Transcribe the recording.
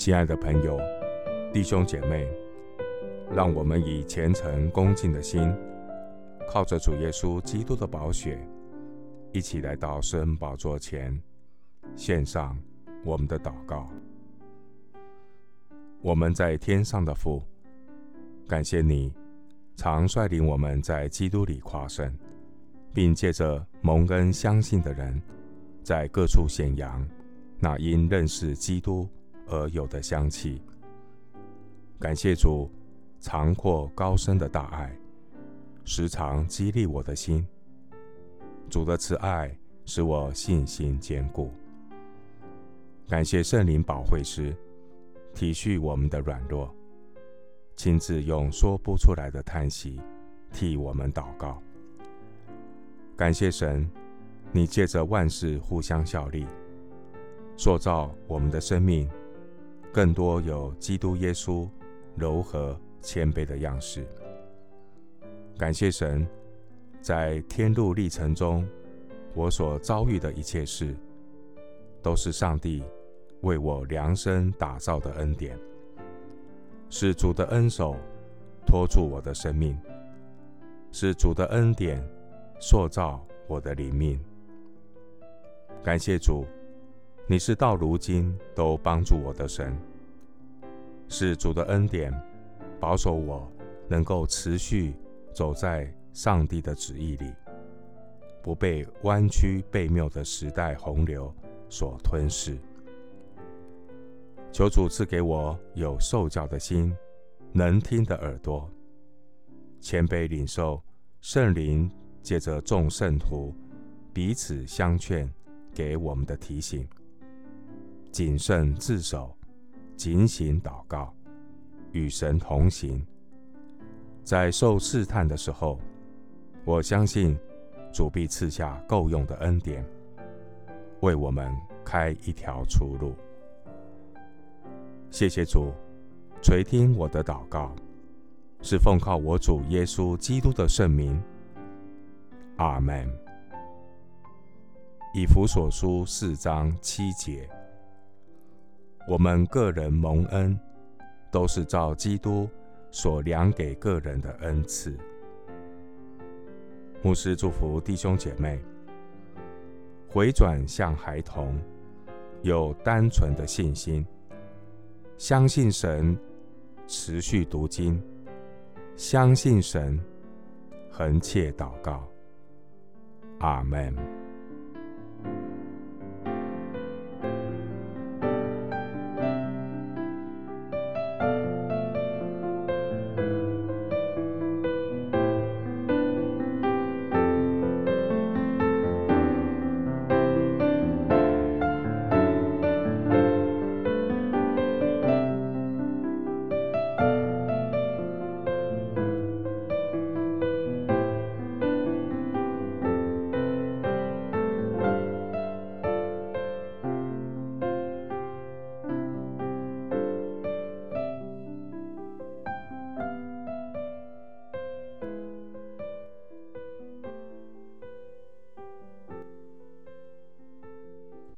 親愛的朋友、弟兄姐妹，讓我們以虔誠恭敬的心，靠着主耶穌基督的寶血，一起來到施恩寶座前，獻上我們的禱告。我們在天上的父，感謝你常率領我們在基督裡誇勝，並借着蒙恩相信的人，在各處顯揚那因認識基督而有的香氣，感謝主，長闊高深的大愛，時常激勵我的心。主的慈愛使我信心堅固。感謝聖靈保惠師，體恤我們的軟弱，親自用說不出來的嘆息替我們禱告。感謝神，你借着萬事互相效力，塑造我們的生命。更多有基督耶穌柔和謙卑的樣式。感謝神，在天路歷程中，我所遭遇的一切事，都是上帝為我量身打造的恩典。是主的恩手托住我的生命，是主的恩典塑造我的靈命。感謝主。你是到如今都幫助我的神，是主的恩典保守我能夠持續走在上帝的旨意裡，不被彎曲悖謬的時代洪流所吞噬。求主賜給我有受教的心，能聽的耳朵，謙卑領受聖靈借着眾聖徒彼此相勸給我們的提醒。謹慎自守，警醒禱告，與神同行。在受試探的時候，我相信主必賜下夠用的恩典，為我們開一條出路。謝謝主，垂聽我的禱告，是奉靠我主耶穌基督的聖名。阿門。以弗所書四章七節。我們各人蒙恩，都是照基督所量給各人的恩賜。牧師祝福弟兄姐妹，回轉向孩童，有單純的信心，相信神，持續讀經，相信神，恆切禱告。阿們。